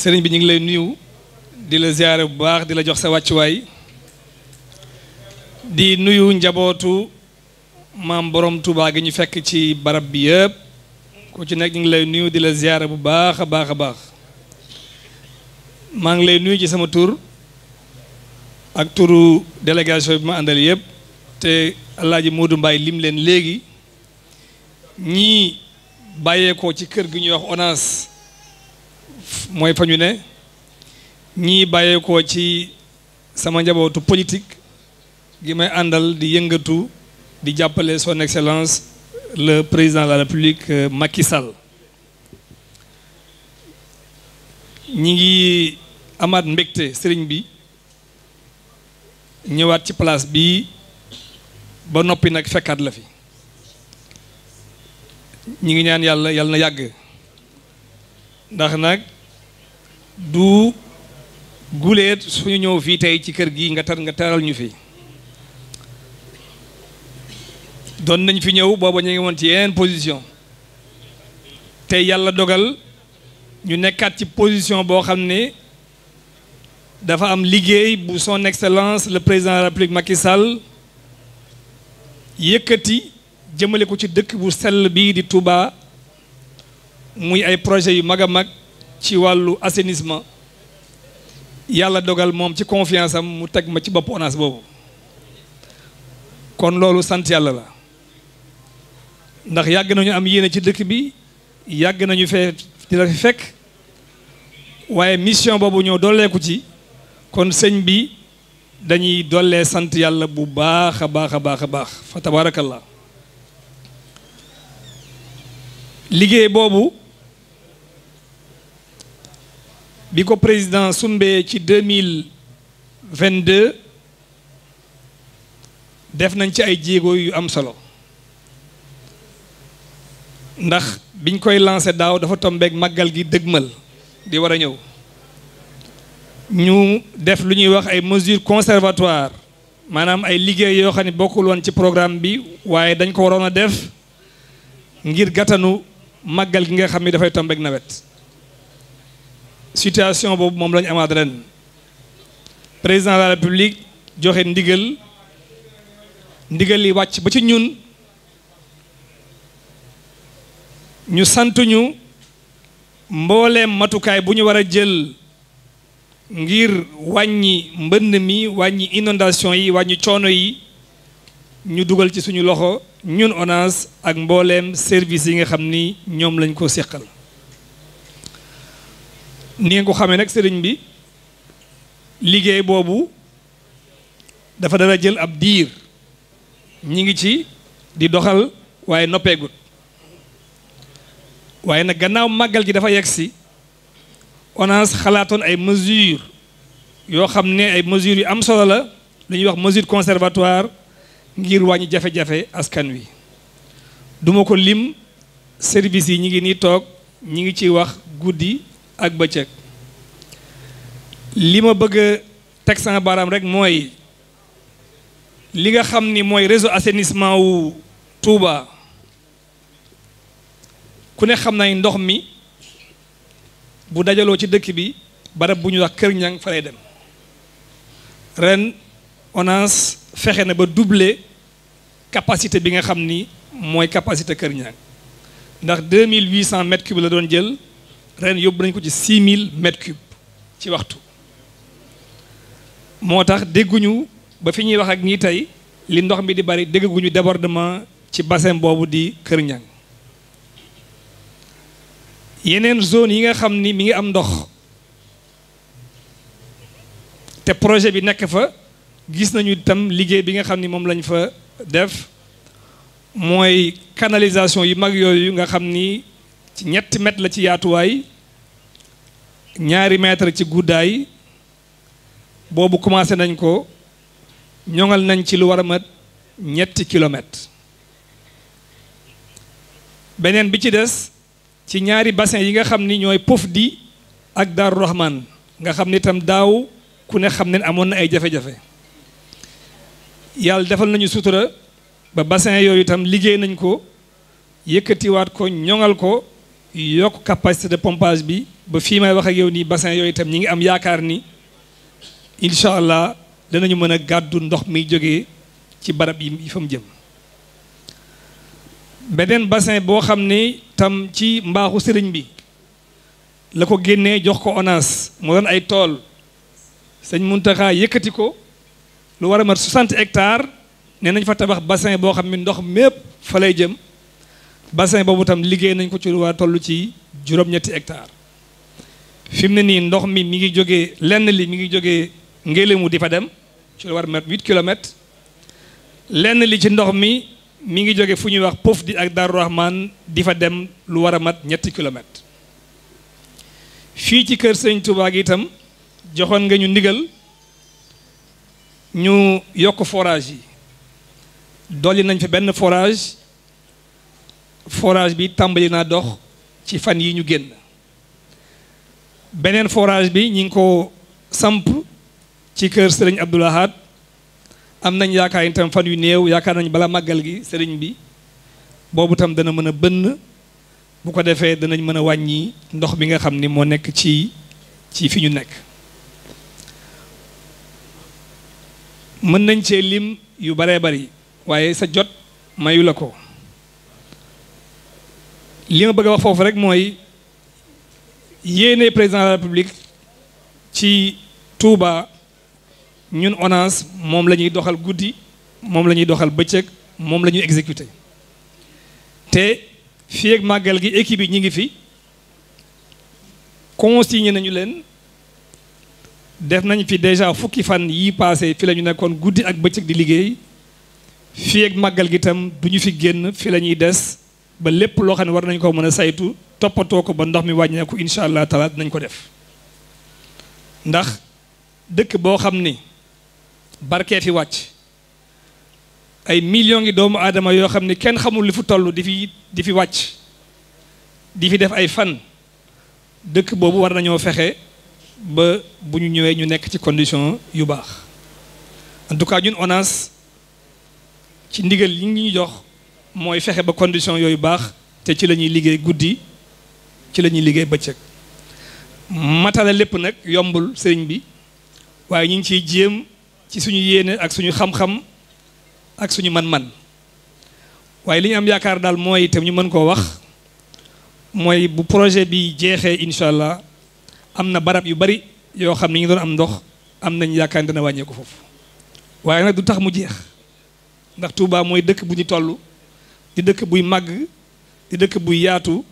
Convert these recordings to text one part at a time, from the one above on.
sëriñ bi ñu ngi lay nuyu di la ziare bu baax di la jox sa wàccuwaay di nuyu njabootu maam boroom Touba gi ñu fekk ci barab bi yëpp ku ci nekk ñu ngi lay nuyu di la ziare bu baax a baax a baax maa ngi lay nuyu ci sama tur ak turu délégation bi ma àndal yëpp te Alaaji Moodu Mbaay lim leen léegi ñii bàyyeekoo ci kër gi ñuy wax ONAS mooy fa ñu ne ñii bàyyeekoo ci sama njabootu politik gi may àndal di yëngatu di jàppale son excellence le président de la république euh, Macky Sall ñi ngi amaat mbégte sëriñ bi ñëwaat ci place bi ba noppi nag fekkaat la fi ñi ngi ñaan yàlla yàlla na yàgg ndax nag du guleet suñu ñëw fii tey ci kër gi nga tar nga taral ñu fi doon nañ fi ñëw booba ñu ngi woon ci yeneen position tey yàlla dogal ñu nekkaat ci position boo xam ne dafa am liggéey bu son excellence le président de la république Macky yëkkati jëmale ko ci dëkk bu sell bii di Touba muy ay projet yu mag a mag ci wàllu assainissement yàlla dogal moom ci confiance am mu teg ma ci bopp ONAS boobu kon loolu sant yàlla la ndax yàgg nañu am yéene ci dëkk bi yàgg nañu fee di fi fekk waaye mission boobu ñoo dolleeku ci kon sëñ bi dañuy dollee sant yàlla bu baax a baax a baax a baax fa tabarakallah liggéey boobu bi ko président sumbee ci deux mille vingt deux def nañ ci ay jigo yu am solo ndax biñ koy lancé daaw dafa tombeek màggal gi dëgmal di war a ñëw ñu def lu ñuy wax ay mesures conservatoires maanaam ay liggéey yoo xam ne bokkul woon ci programme bi waaye dañ ko waroon a def ngir gàttanu màggal gi nga xam ni dafay tombeek nawet situation boobu moom lañu ñu amaat président de la république joxe ndigal ndigal li wàcc ba ci ñun ñu santuñu ñu mbooleem matukaay bu ñu war a jël ngir wàññi mbënn mi wàññi inondation yi wàññi coono yi ñu dugal ci suñu loxo ñun ONAS ak mbooleem service yi nga xam ni ñoom lañ ko seqal ni nga ko xamee nag sëriñ bi liggéey boobu dafa dara jël ab diir ñi ngi ci di doxal waaye noppeegut waaye nag gannaaw màggal gi dafa yegg si ONAS xalaatoon ay mesures yoo xam ne ay mesures yu am solo la lu ñuy wax mesure conservatoire ngir wàññi jafe-jafe askan wi duma ko lim service yi ñi ngi nii toog ñi ngi ciy wax guddi ak bëccëg li ma bëgg a teg sama baaraam rek mooy li nga xam ni mooy réseau assainissement wu Touba ku ne xam nañ ndox mi bu dajaloo ci dëkk bi barab bu ñu wax Kër Ñang fa lay dem ren ONAS fexe na ba doubler capacité bi nga xam ni mooy capacité Kër Ñang ndax 2800 mètres cubes la doon jël ren yóbbu nañ ko ci 6000 mètres cubes ci waxtu moo tax dégguñu ba fi ñuy wax ak ñi tey li ndox mi di bari déggaguñu débordement ci bassin boobu di Kër Ñang yeneen zone yi nga xam ni mi ngi am ndox te projet bi nekk fa gis nañu itam liggéey bi nga xam ni moom lañ fa def mooy canalisation yu mag yooyu nga xam ni ci ñetti mètre la ci yaatuwaay ñaari mètre ci guddaay boobu commencé nañ ko ñoŋal nañ ci lu war a mat ñetti kilomètre beneen bi ci des ci ñaari bassin yi nga xam ni ñooy pof di ak Daaru Rahman nga xam ni itam daaw ku ne xam ne amoon na ay jafe-jafe yàlla defal nañu sutura ba bassin yooyu itam liggéey nañ ko yëkkatiwaat ko ñoŋal ko yokk capacité de pompage bi ba fii may wax ak yow nii bassin yooyu itam ñi ngi am yaakaar ni incha allah danañu mën a gàddu ndox mi jóge ci barab yi fa mu jëm beneen bassin boo xam ne tam ci mbaaxu sëriñ bi la ko génnee jox ko ONAS mu doon ay tool sëñ Muntaxa yëkkati ko lu war a mat 60 hectares nee nañ fa tabax bassin boo xam ne ndox mépp fa lay jëm bassin boobu tam liggéey nañ ko ci lu waa tollu ci juróom-ñetti hectare fi mu ne nii ndox mi mi ngi jóge lenn li mi ngi jógee Ngélémou di fa dem ci lu war mat huit kilomètres lenn li ci ndox mi mi ngi jóge fu ñuy wax Pof di ak Darou Rahman di fa dem lu war a mat ñetti kilomètres fii ci kër sëñ Touba gi itam joxoon nga ñu ndigal ñu yokk forage yi dolli nañ fi benn forage forage bi tàmbali naa dox ci fan yi ñu génn beneen forage bi ñu ngi ko samp ci kër sëriñ Abdoul am nañ yaakaar itam fan yu néew yaakaar nañ balaa màggal gi sëriñ bi boobu tam dana mën a bënn bu ko defee danañ mën a wàññi ndox bi nga xam ni moo nekk ci ci fi ñu nekk mën nañ cee lim yu baree bari waaye sa jot mayula ko li ma bëgg a wax foofu rek mooy yéene président de la république ci Touba ñun ONAS moom la ñuy doxal guddi moom la ñuy doxal bëccëg moom la ñuy exécuté te fii màggal gi équipe yi ñu ngi fi consigné nañu leen def nañ fi déjà fukki fan yi passé fi lañu nekkoon guddi ak bëccëg di liggéey fii màggal gi tam du ñu fi génn fi la ñuy des ba lépp loo xam ne war nañ ko mën a saytu toppatoo ko ba ndox mi wàññeeku incha allah taala nañ ko def ndax dëkk boo xam ni barkee fi wàcc ay millions ngi doomu aadama yoo xam ni kenn xamul li fu toll di fi di fi wàcc di fi def ay fan dëkk boobu war nañoo fexe ba bu ñu ñëwee ñu nekk ci condition yu baax en tout cas ñun ONAS ci ndigal yi ngi ñu jox mooy fexe ba condition yooyu baax te ci la ñuy liggéey guddi ci la ñuy liggéey bëccëg matale lépp nag yombul sëriñ bi waaye ñu ngi ciy jéem ci suñu yéene ak suñu xam-xam ak suñu man-man waaye li ñu am yaakaar daal mooy te ñu mën koo wax mooy bu projet bi jeexee incha allah am na barab yu bari yoo xam ni ñu doon am ndox am nañ yaakaar dana wàññeeku foofu waaye nag du tax mu jeex ndax Touba mooy dëkk bu ñu toll. di dëkk buy màgg di dëkk buy yaatu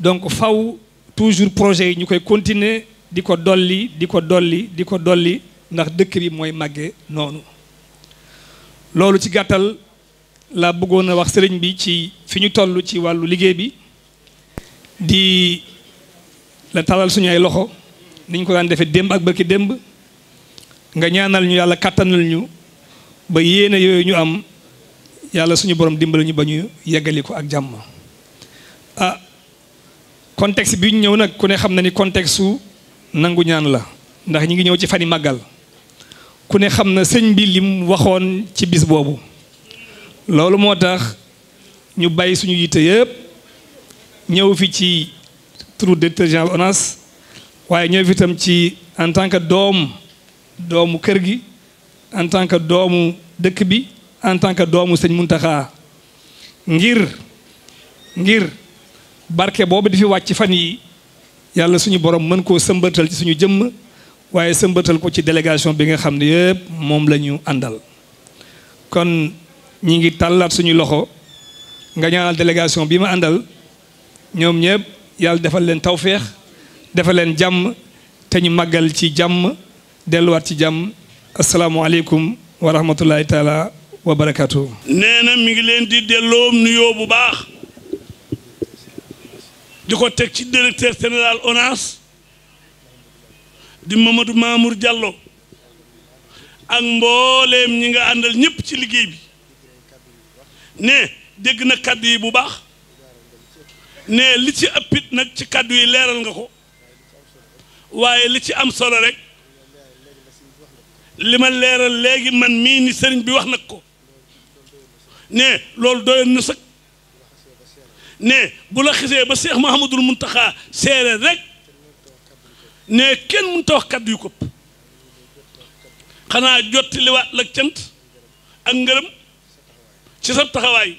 donc faw toujours projet yi ñu koy continuer di ko dolli di ko dolli di ko dolli ndax dëkk bi mooy màggee noonu loolu ci gàttal laa bëggoon a wax sëriñ bi ci fi ñu toll ci wàllu liggéey bi di la talal suñu ay loxo ni ñu ko daan defee démb ak bërki démb nga ñaanal ñu yàlla kàttanal ñu ba yéene yooyu ñu am yàlla suñu borom dimbali ñu ba ñu yeggali ko ak jàmm a ah, contexte bi ñu ñëw nag ku ne xam na ni contexte su nangu ñaan la ndax ñu ngi ñëw ci fani màggal ku ne xam na sëñ bi lim waxoon ci bis boobu loolu moo tax ñu bàyyi suñu yitte yëpp ñëw fi ci de directeur général ONAS waaye ñëw fi itam ci en tant que doom doomu kër gi en tant que doomu dëkk bi en tant que doomu sëñ Muntaxa ngir ngir barke boobu di fi wàcc fan yi yàlla suñu borom mën koo sëmbatal ci suñu jëmm waaye sëmbatal ko ci délégation bi nga xam ne yëpp moom la àndal kon ñi ngi tàllaat suñu loxo nga ñaanal délégation bi ma àndal ñoom ñëpp yàlla defal leen tawféex defal leen jàmm te ñu màggal ci jàmm delluwaat ci jàmm asalaamualeykum wa rahmatullahi taala wa barakaatu. nee na mi ngi leen di delloo nuyoo bu baax. di ko teg ci directeur général ONAS di Mamadou Mamour Diallo ak mbooleem ñi nga àndal ñëpp ci liggéey bi ne dégg na kàddu yi bu baax ne li ci ëppit nag ci kàddu yi leeral nga ko waaye li ci am solo rek li ma leeral léegi man mii ni sëriñ bi wax nag ko ne loolu doyoon na sëg ne bu la xisee ba seex mun taxaa seere rek ne kenn mun a wax kaddu xanaa jotti liwaat lak ak ngërëm ci sab taxawaay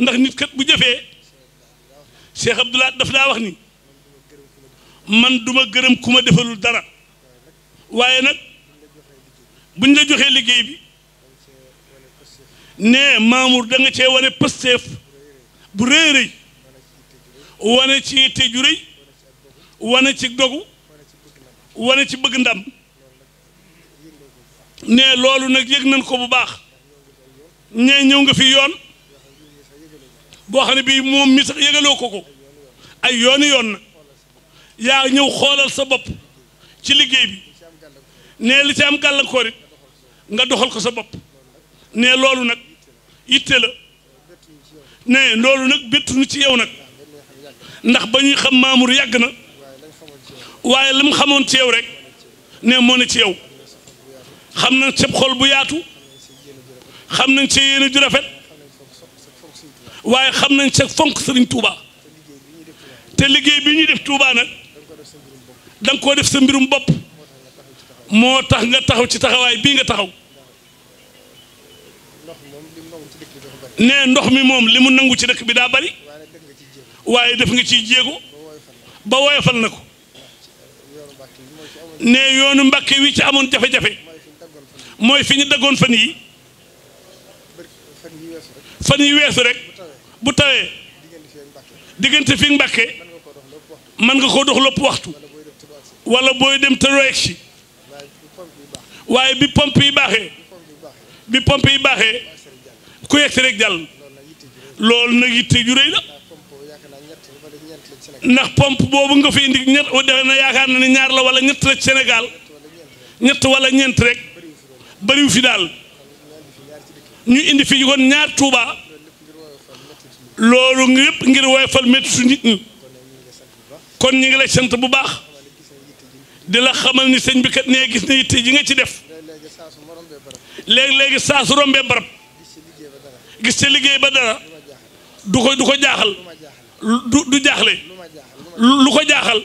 ndax nit kat bu jëfee Cheikh Abdoulaye daf daa wax ni man duma gërëm ku ma defalul dara waaye nag buñ la joxee liggéey bi ne Mamour da nga cee wane pësteef bu rëy rëy wane ci tëju rëy wane ci dogu wane ci bëgg ndam ne loolu nag yëg nañ ko bu baax ne ñëw nga fi yoon boo xam ne bii moom mi sax yëgaloo ko ko ay yooni yoon na yaa ñëw xoolal sa bopp ci liggéey bi ne li ci am gàllankoor it nga doxal ko sa bopp ne loolu nag itte la ne loolu nag béttuñu ci yow nag ndax ba ñuy xam Mamour yàgg na waaye li mu xamoon ci yow rek ne moo ne ci yow xam nañ sab xol bu yaatu xam nañ sa yéene ju rafet waaye xam nañ sa fonk sëriñ Touba te liggéey bi ñuy def Touba nag da koo def sa mbirum bopp moo tax nga taxaw ci taxawaay bii nga taxaw ne ndox mi moom li mu nangu ci dëkk bi daa bari waaye def nga ciy jéego ba woyofal na ko nee yoonu mbàkke wi ci amoon jafe-jafe mooy fi ñu daggoon fan yi fan yi weesu rek bu tawee diggante fi mbàkke mën nga koo dox lopp waxtu wala booy dem te roeg si waaye bi pompe yi baaxee bi pompe yi baaxee ku yegsi rek jàll loolu nag yitte ju réy la ndax pompe boobu nga fi indi ñett defe na yaakaar na ne ñaar la wala ñett la Sénégal ñett wala ñeent rek bëriwu fi daal ñu indi fi kon ñaar Touba loolu yëpp ngir woyofal métti su nit ñi kon ñu ngi lay sant bu baax di la xamal ni sëñ bi kat nee gis na yitte ji nga ci def léegi-léegi saa su rombee barab gis ca liggéey ba dara du ko du ko jaaxal du du jaaxle lu ko jaaxal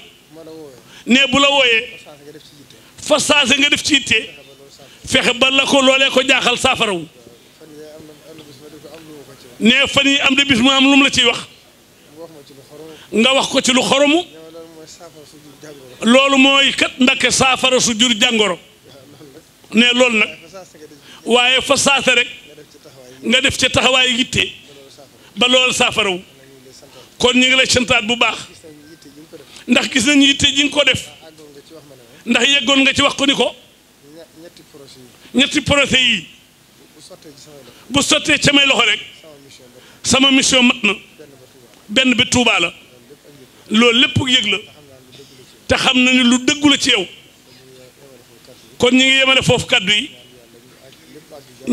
ne bu la wooyee fa saase nga def ci yitte fexe ba la ko loolee ko jaaxal saafarawu ne fan yi am de bis mu am lu mu la ciy wax nga wax ko ci lu xoromu loolu mooy kat ndake saafara su jur jàngoro ne loolu nag waaye fa saasa rek nga def ci taxawaay yitte ba loolu saafarawu kon ñu ngi lay santaat bu baax ndax gis nañu yitte ji nga ko def ndax yeggoon nga ci wax ko ni ko ñetti projet yi bu sottee ca may loxo rek sama mission mat na benn bi Tuubaa la loolu lépp yëg la te xam na ni lu dëggu la ci yow kon ñu ngi yemale foofu kaddu yi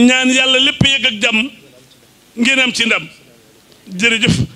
ñaan yàlla lépp yëg ak jàmm ngeen am ci ndam jërëjëf